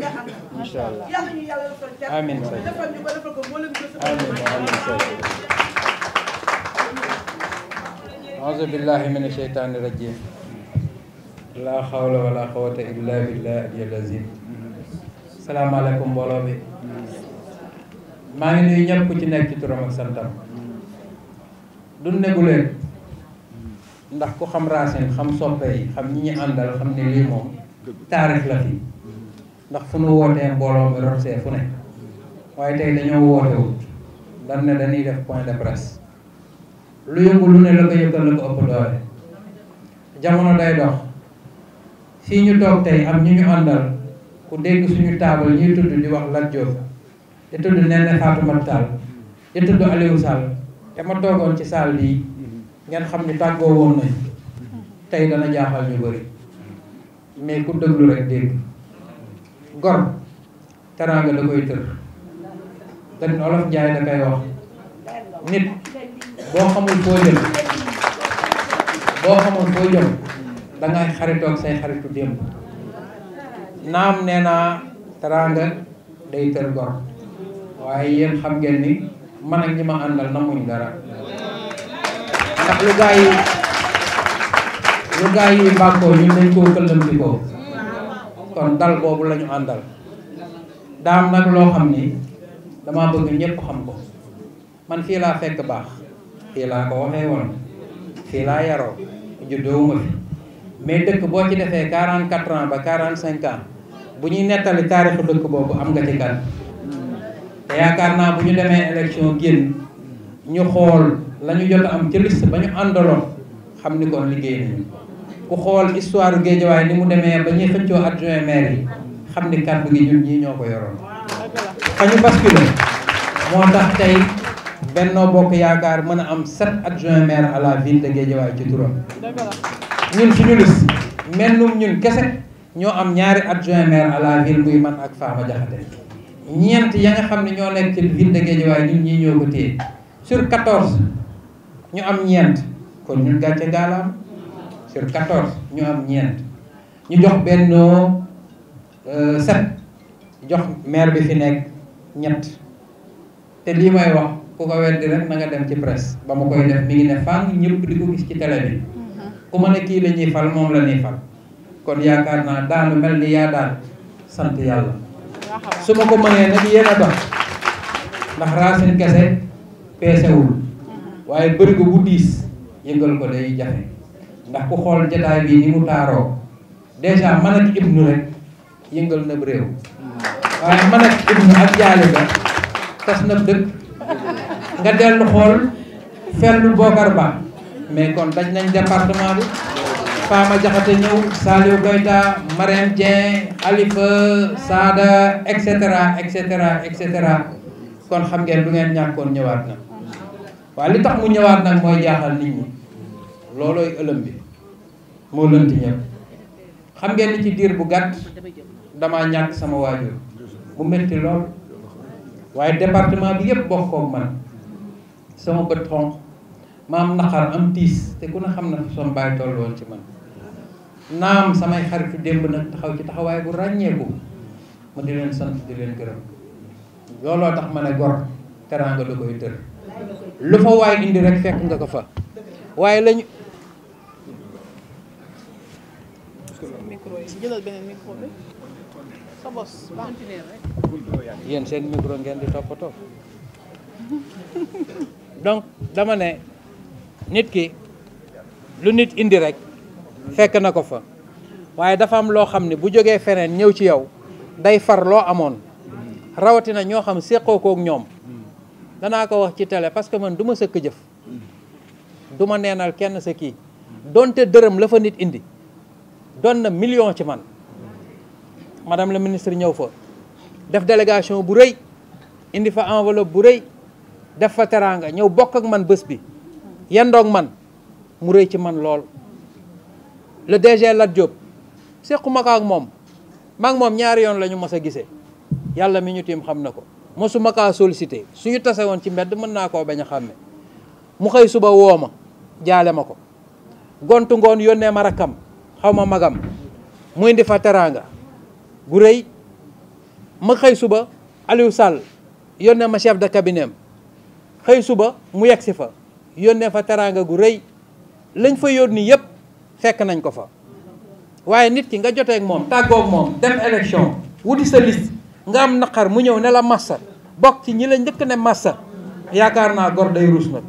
nga am. incha allah yàlla ñu yàlla defal jàmm. amiin defal ñu ko defal ko mboolem bi. amiin amiin. auzu billahi mina shaytaani rajim. laa mbooloo bi. maa ngi nuyu ku ci nekk ci turam ak santam. du negu ndax ku xam racine xam soppe yi xam ñi ñu àndal xam ne lii moom taarix la fi. ndax fu nu wootee mbooloo mi rotsee fu ne waaye tey dañoo wootewut dan ne dañuy def point de presse lu yëngu lu ne la ko yëkkal la ko ëpp doole jamono day dox fii ñu toog tey am ñu ñu àndal ku dégg suñu taabal ñuy tudd di wax Lat Diop di tudd Néné Fatoumata Tall di tudd Aliou Sall te ma toogoon ci salle bii ngeen xam ni tàggoo woon nañ tey dana jaaxal ñu bëri mais ku déglu rek dégg gor teraanga da koy tër te olof njaay da koy wax nit boo xamul foo jëm xaritoog say xaritu démb naam nee naa teraanga day tër gor waaye yéen xam ngeen ni man ak ñi ma àndal namuñ dara ndax lu gaa yi lu gaa yi bàkkoo ñun dañ koo këllam di ko kon dal boobu la ñu àndal daam nag loo xam ni damaa bëgg ñëpp xam ko man fii laa fekk baax fii laa ko waxee woon fii laa yaroo juddoowuma fi mais dëkk boo ci defee 44 ans ba quarante 45 ans bu ñuy nettali taarixu dëkk boobu am nga ci kan te yaakaar naa bu ñu demee élection génn ñu xool la ñu jot am ci liste ba ñu àndaloon xam ni kon liggéey nañu ku xool histoire Guédiawaye ni mu demee ba ñuy xëccoo adjoint maire yi xam ni kàddu gi ñun ñii ñoo ko yoroon fa ñu basculé moo tax tey Benno Bokk Yaakaar mën a am set adjoint maire à la ville de Guédiawaye ci turam ñun suñu lis mennum ñun kese ñoo am ñaari adjoint maire à la ville muy man ak Fama Diakhaté ñeent ya nga xam ne ñoo nekk ci ville de Guédiawaye ñun ñii ñoo ko téye sur quatorze ñu am ñeent kon ñun gàcce gaalaam sur 14 ñu am ñeent ñu jox bennoo euh, set jox maire bi fi nekk ñett te lii may wax ku ko weddi rek na dem ci presse ba ma koy def mi ngi ne fànn ñëpp di ko gis ci télé bi mm-hmm. ku ma ne kii la ñuy fal moom la fal kon yaakaar naa daanu mel ni yaa daan sant yàlla su ma ko mënee nag yéen a dox ndax racine kese peesewul mm-hmm. waaye bërigo bu diis yëngal ko day jafe ndax ku xool jataay bi ni mu taaroo dèjà man ak ibnu rek yëngal na réew waaye man ak ibnu ak jaale ba tas na dëkk nga dellu xool fellu bookar ba mais kon daj nañ département bi Fama Jaxate ñëw Saliou Goyta Marème Dieng Alifa Sada et cetera et cetera et cetera kon xam ngeen lu ngeen ñàkkoon ñëwaat na waaye li tax mu ñëwaat nag mooy jaaxal nit ñi loolooy ëlëm bi moo lënt ñëpp xam ngeen ni ci diir bu gàtt damaa ñàkk sama waajur mu métti lool waaye departement bi yépp bokk koog man sama bët xonq ma am naqar am tiis te ku ne xam na fa sama bàyyi toll ci man naa naam samay xaritu démb nag taxaw ci taxawaay bu ràññeeku ma di leen sant di leen gërëm looloo tax ma ne gor teraanga da koy tër lu fa waay indi rek fekk nga ko fa waaye lañu micro yi jëlal beneen micro bi sa seen micro ngeen di toppatoo donc dama ne nit ki lu nit indi rek fekk na ko fa waaye dafa am loo xam ne bu jógee feneen ñëw ci yow day far loo amoon rawatina ñoo xam séqoo kook ñoom danaa ko wax ci tele parce que man du ma sëkk jëf du neenal kenn sa kii donte dërëm la fa nit indi doon na million ci man madame la ministre ñëw fa def délégation bu rëy indi fa enveloppe bu rëy def fa teraanga ñëw bokk ak man bés bi yendoog man mu rëy ci man lool le DG Lat Diop sequma ko ak moom mag moom ñaari yoon la ñu mos a gisee yàlla mi ñu tiim xam na ko mosuma kaa sollicité suñu tase woon ci mbedd mën naa koo bañ a xàmme mu xëy suba woo ma jaale ma ko gontu ngoon yónnee ma rakkam xaw ma magam mu indi fa teraanga gu rëy ma xëy suba Aliou Sall yónnee ma chef de cabinet xëy suba mu yegg si fa yónnee fa teraanga gu rëy lañ fa yónni yëpp fekk nañ ko fa waaye nit ki nga jotee moom tàggoog moom dem élection wuti sa liste nga am naqar mu ñëw ne la massa bokk ci ñi la njëkk ne massa yaakaar naa gor day ruus nag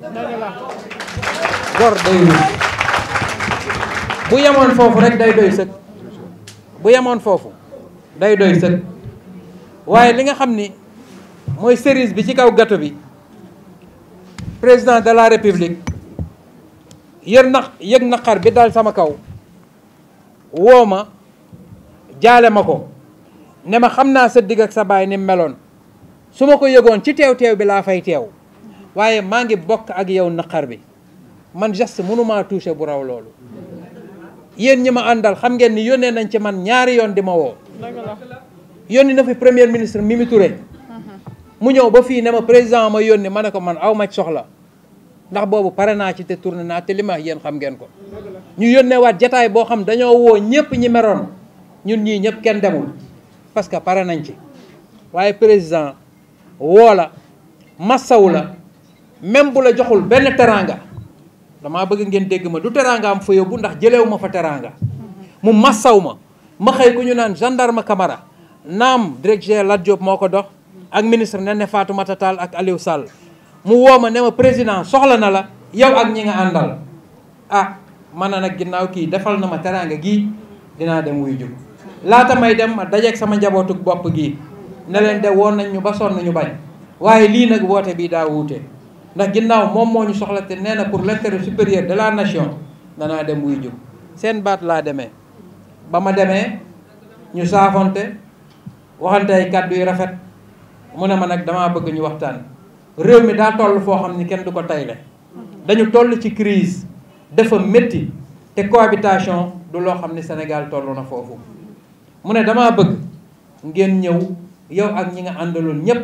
gor day ruus bu yemoon foofu rek day doy sëkk bu yemoon foofu day doy sëkk waaye li nga xam ni mooy cerise bi ci kaw gâteau bi président de la république yër na yëg naqar bi daal sama kaw woo ma jaale ma ko ne ma xam naa sa digg ak sa baay ni meloon su ma ko yëgoon ci teew teew bi laa fay teew waaye maa ngi bokk ak yow naqar bi man juste mënumaa touché bu raw loolu yéen ñi ma àndal xam ngeen ni yónnee nañ ci man ñaari yoon di ma woo yónni na fi premier ministre Mimi Touré mu ñëw ba fii ne ma président ma yónni ma ne ko man aw ma soxla ndax boobu pare naa ci te tourné naa te li ma yéen xam ngeen ko ñu yónnee waat jataay boo xam dañoo woo ñëpp ñi meroon ñun ñii ñëpp kenn demul parce que pare nañ ci waaye président woo la massawu la même bu la joxul benn teraanga damaa bëgg ngeen dégg ma du teraanga am fa yóbbu ndax jëleewu ma fa teraanga mu massaw ma ma xëy ku ñu naan gendarme kamara naam directeur Lat Diop moo ko dox ak ministre ne ne Fatoumata Tall ak Aliou Sall mu woo ma ne ma président soxla na la yow ak ñi nga àndal ah man na nag ginnaaw kii defal na ma teraanga gii dinaa dem wuy jug laata may dem ma dajeeg sama njabootuk bopp gii ne leen de woon nañ ñu ba sonn ñu bañ waaye lii nag woote bii daa wuute ndax ginnaaw moom moo ñu soxla te nee na pour l'intérêt supérieur de la nation danaa dem wuy jóg seen baat laa demee ba ma demee ñu saafonte waxante ay kàddu yu rafet mu ne ma nag damaa bëgg ñu waxtaan réew mi daa toll foo xam ni kenn du ko tayle dañu toll ci crise dafa métti te cohabitation du loo xam ni Sénégal toll na foofu mu ne damaa bëgg ngeen ñëw yow ak ñi nga àndaloon ñépp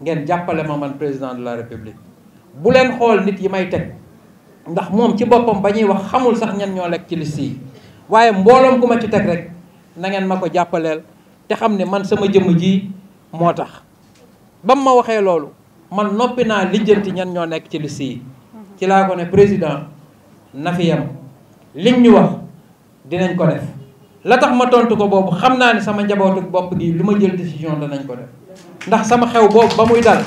ngeen jàppale ma man président de la république bu leen xool nit yi may teg ndax moom ci boppam ba ñuy wax xamul sax ñan ñoo lekk ci liste yi waaye mbooloom ku ma ci teg rek nangeen ma ko jàppaleel te xam ne man sama jëmm jii moo tax ba mu ma waxee loolu man noppi naa lijjanti ñan ñoo nekk ci liste yi ci laa ko ne président na fi yem liñ ñu wax dinañ ko def la tax ma tontu ko boobu xam naa ne sama njabootu bopp gi lu ma jël décision danañ ko def ndax sama xew boobu ba muy dal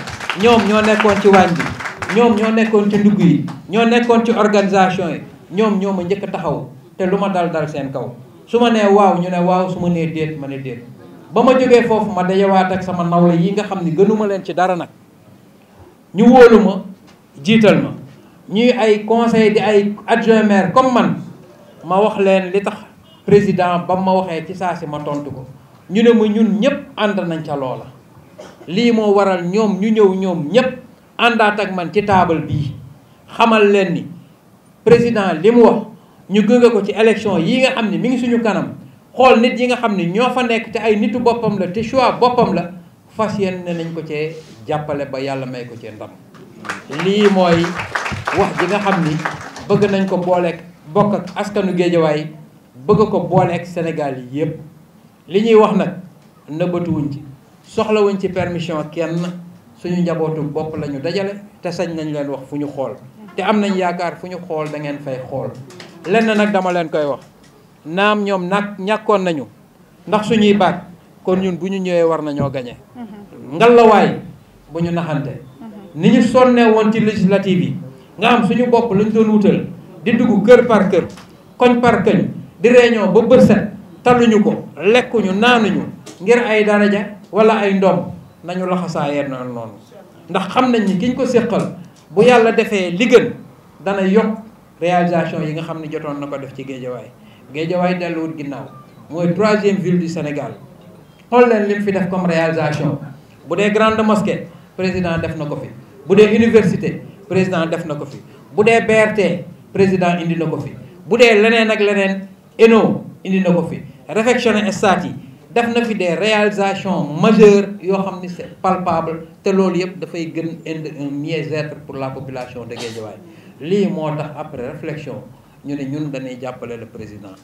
ñoom ñoo nekkoon ci waañ ñoom ñoo nekkoon ci ndugg yi ñoo nekkoon ci organisation yi ñoom ñoo ma njëkk a taxaw te lu ma dal dal seen kaw su ma nee waaw ñu ne waaw su ma nee déet ma ne déet ba ma jógee foofu ma dajawaat ak sama nawle yi nga xam ni gënuma leen ci dara nag ñu wóolu jiital ma ñuy ay conseil di ay adjoint comme man ma wax leen li tax président ba ma waxee ci saa si ma tontu ko ñu ne ma ñun ñëpp ànd nañ ca loola lii moo waral ñoom ñu ñëw ñoom ñëpp àndaat ak man ci taabal bii xamal leen ni président li mu wax ñu gënge ko ci élection yi nga xam ne mu ngi suñu kanam xool nit yi nga xam ne ñoo fa nekk te ay nitu boppam la te choix boppam la fas ne nañ ko cee jàppale ba yàlla may ko cee ndam lii mooy wax ji nga xam ni bëgg nañ ko booleeg bokk ak askanu géejawaay bëgg ko booleeg Sénégal yi yépp li ñuy wax nag nëbbatuwuñ ci soxlawuñ ci permission kenn suñu njabootu bopp la dajale te sañ nañ leen wax fu ñu xool te am nañ yaakaar fu ñu xool dangeen ngeen fay xool lenn nag dama leen koy wax naam ñoom nag ñàkkoon nañu ndax suñuy baat kon ñun bu ñu ñëwee war nañoo gañe mhm. ngalawaay bu ñu naxante mhm. ni ñu sonnee woon ci législative yi nga am suñu bopp lañu doon wutal di dugg kër par kër koñ par koñ di réunion ba bërset taluñu ko lekkuñu naanuñu ngir ay daraja wala ay ndoom nañu laxasaayeen noonu ndax xam nañ ni ki ko séqal bu yàlla defee li dana yokk réalisation yi nga xam ne jotoon na ko def ci géejawaay géejawaay delluwut ginnaaw mooy troisième ville du Sénégal xool leen lim fi def comme réalisation bu dee grande mosquée président def na ko fi bu dee université président def na ko fi bu dee BRT président indi na ko fi bu dee leneen ak leneen ENO indi na ko fi réfectionné stade yi def na fi des réalisation majeures yoo xam ni c'est te loolu yëpp dafay gën indi un mieux pour la population de Guédiawaye lii moo tax après reflexion ñu ne ñun dañuy jàppale le président